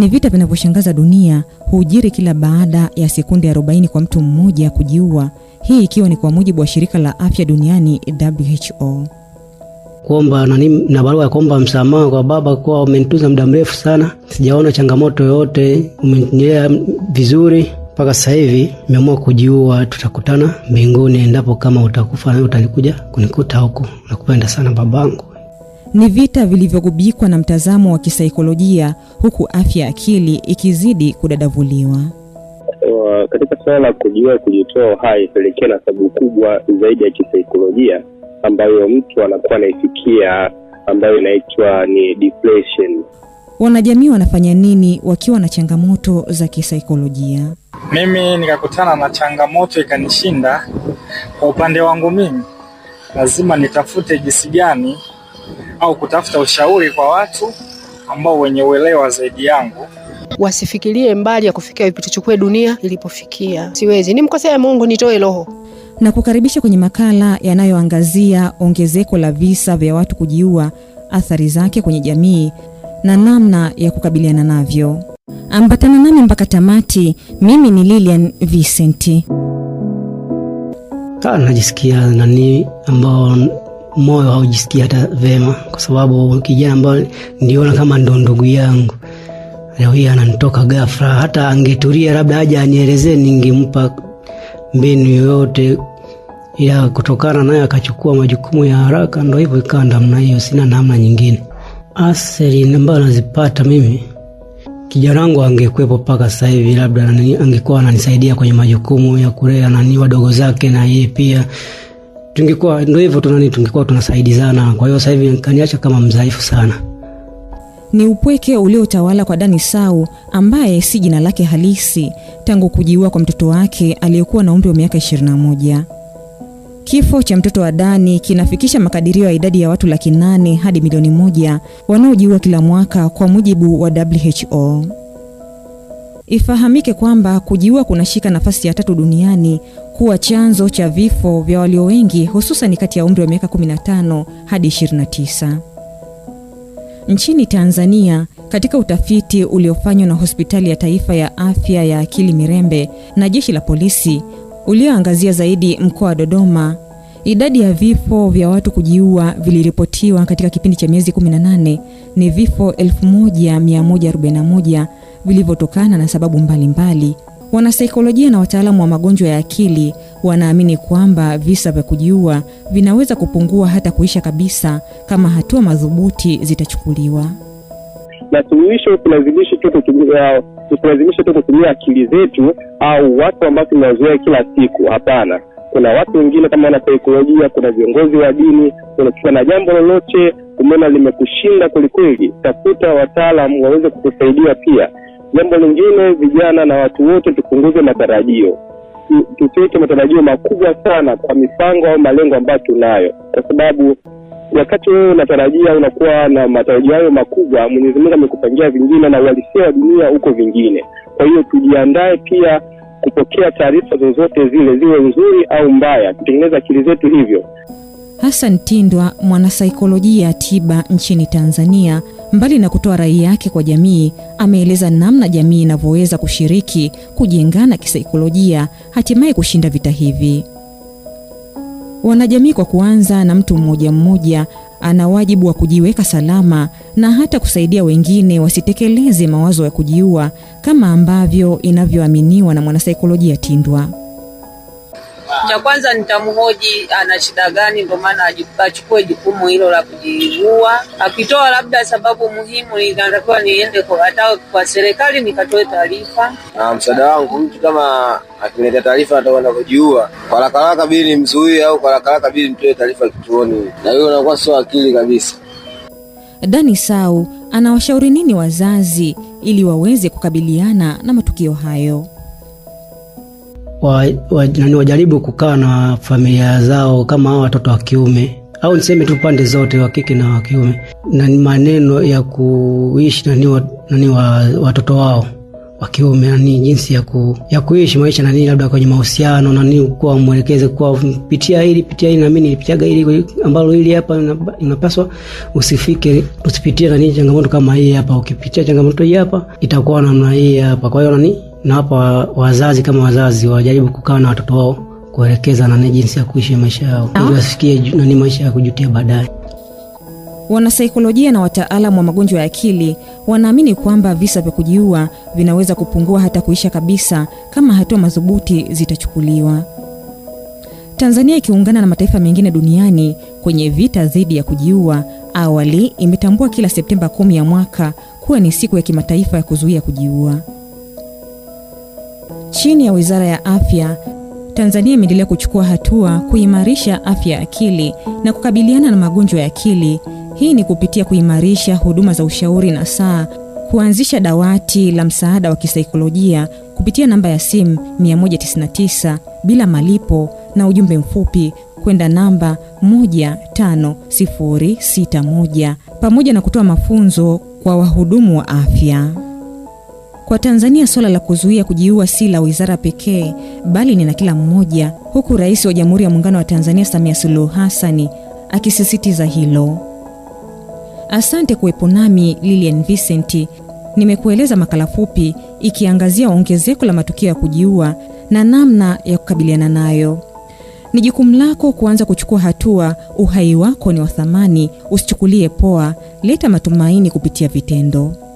Ni vita vinavyoshangaza dunia, hujiri kila baada ya sekunde 40 kwa mtu mmoja kujiua, hii ikiwa ni kwa mujibu wa shirika la afya duniani WHO. Kuomba na, na barua ya kuomba msamaha kwa baba, kwa umenitunza muda mrefu sana, sijaona changamoto yoyote, umenilea vizuri mpaka sasa hivi nimeamua kujiua. Tutakutana mbinguni endapo kama utakufa, na utalikuja kunikuta huko. Nakupenda sana babangu. Ni vita vilivyogubikwa na mtazamo wa kisaikolojia, huku afya akili ikizidi kudadavuliwa. Uh, katika suala la kujua kujitoa uhai pelekea na sababu kubwa zaidi ya kisaikolojia ambayo mtu anakuwa anaifikia ambayo inaitwa ni depression. Wanajamii wanafanya nini wakiwa na changamoto za kisaikolojia? Mimi nikakutana na changamoto ikanishinda, kwa upande wangu mimi lazima nitafute jinsi gani au kutafuta ushauri kwa watu ambao wenye uelewa zaidi yangu. Wasifikirie mbali ya kufikia vipitichukue dunia ilipofikia. Siwezi mkosea Mungu, nitoe roho na kukaribisha kwenye makala yanayoangazia ongezeko la visa vya watu kujiua, athari zake kwenye jamii na namna ya kukabiliana navyo. Ambatana nami mpaka tamati. Mimi ni Lilian Vincent. Najisikia nani ambao moyo haujisikia hata vema, kwa sababu kijana ambaye niliona kama ndo ndugu yangu leo hii ananitoka ghafla. Hata angetulia labda aje anielezee, ningempa mbinu yoyote, ila kutokana naye akachukua majukumu ya haraka, ndo hivyo ikawa namna hiyo, sina namna nyingine. Asili ambayo nazipata mimi, kijana wangu angekuwepo mpaka sasa hivi, labda angekuwa ananisaidia kwenye majukumu ya kulea nani wadogo zake na yeye pia tungekuwa ndo hivyo tunani, tungekuwa tunasaidizana. Kwa hiyo sasa hivi kaniacha kama mdhaifu sana. Ni upweke uliotawala kwa Dani Sau ambaye si jina lake halisi tangu kujiua kwa mtoto wake aliyekuwa na umri wa miaka 21. Kifo cha mtoto wa Dani kinafikisha makadirio ya idadi ya watu laki nane hadi milioni moja wanaojiua kila mwaka kwa mujibu wa WHO. Ifahamike kwamba kujiua kunashika nafasi ya tatu duniani kuwa chanzo cha vifo vya walio wengi, hususan kati ya umri wa miaka 15 hadi 29. Nchini Tanzania, katika utafiti uliofanywa na Hospitali ya Taifa ya Afya ya Akili Mirembe na Jeshi la Polisi ulioangazia zaidi mkoa wa Dodoma Idadi ya vifo vya watu kujiua viliripotiwa katika kipindi cha miezi 18 ni vifo 1141 vilivyotokana na sababu mbalimbali. Wanasaikolojia na wataalamu wa magonjwa ya akili wanaamini kwamba visa vya kujiua vinaweza kupungua hata kuisha kabisa kama hatua madhubuti zitachukuliwa. Na suluhisho tunazidishi tu tu kutumia akili zetu au watu ambao tunawazoea kila siku. Hapana kuna watu wengine kama wanasaikolojia kuna viongozi wa dini unakiwa na jambo lolote umeona limekushinda kwelikweli tafuta wataalam waweze kukusaidia pia jambo lingine vijana na watu wote tupunguze matarajio tusiweke matarajio makubwa sana kwa mipango au malengo ambayo tunayo kwa sababu wakati wewe unatarajia unakuwa na matarajio hayo makubwa mwenyezimungu amekupangia vingine na uhalisia wa dunia huko vingine kwa hiyo tujiandae pia kupokea taarifa zozote zile, ziwe nzuri au mbaya, kutengeneza akili zetu hivyo. Hassan Tindwa, mwanasaikolojia tiba nchini Tanzania, mbali na kutoa rai yake kwa jamii, ameeleza namna jamii inavyoweza kushiriki kujengana kisaikolojia, hatimaye kushinda vita hivi. Wanajamii kwa kuanza na mtu mmoja mmoja ana wajibu wa kujiweka salama na hata kusaidia wengine wasitekeleze mawazo ya kujiua kama ambavyo inavyoaminiwa na mwanasaikolojia Tindwa cha kwanza nitamhoji ana shida gani, ndio maana achukue jukumu hilo la kujiua. Akitoa labda sababu muhimu, inatakiwa niende hata kwa serikali nikatoe taarifa. Msaada wangu mtu kama akileta taarifa atakwenda kujiua kwa haraka haraka, bili nimzuie au kwa haraka haraka bili nitoe taarifa kituoni, na hiyo inakuwa sio akili kabisa. Dani Sau anawashauri nini wazazi ili waweze kukabiliana na matukio hayo? wa, wa, wajaribu kukaa na familia zao kama hao watoto wa kiume au niseme tu pande zote wa kike na wa kiume, na ni maneno ya kuishi nani, wa, nani wa, watoto wao wa kiume nani jinsi ya, ku, ya kuishi maisha nani labda kwenye mahusiano nani kuwa mwelekeze kuwa pitia hili pitia hili nami nilipitiaga hili ambalo hili hapa inapaswa usifike usipitie nani changamoto kama hii hapa ukipitia changamoto hii hapa itakuwa namna hii hapa kwa hiyo nani na hapa wazazi kama wazazi wajaribu kukaa na watoto wao kuelekeza nani jinsi ya kuishi maisha yao ili wasifikie nani maisha ya kujutia baadaye. Wanasaikolojia na wataalamu wa magonjwa ya akili wanaamini kwamba visa vya kujiua vinaweza kupungua hata kuisha kabisa kama hatua madhubuti zitachukuliwa. Tanzania ikiungana na mataifa mengine duniani kwenye vita dhidi ya kujiua, awali imetambua kila Septemba kumi ya mwaka kuwa ni siku ya kimataifa ya kuzuia kujiua. Chini ya Wizara ya Afya, Tanzania imeendelea kuchukua hatua kuimarisha afya ya akili na kukabiliana na magonjwa ya akili. Hii ni kupitia kuimarisha huduma za ushauri na saa, kuanzisha dawati la msaada wa kisaikolojia kupitia namba ya simu 199 bila malipo na ujumbe mfupi kwenda namba 15061 pamoja na kutoa mafunzo kwa wahudumu wa afya. Kwa Tanzania suala la kuzuia kujiua si la wizara pekee, bali ni na kila mmoja, huku Rais wa Jamhuri ya Muungano wa Tanzania Samia Suluhu Hassan akisisitiza hilo. Asante kuwepo nami Lilian Vincent. Nimekueleza makala fupi ikiangazia ongezeko la matukio ya kujiua na namna ya kukabiliana nayo. Ni jukumu lako kuanza kuchukua hatua. Uhai wako ni wa thamani, usichukulie poa. Leta matumaini kupitia vitendo.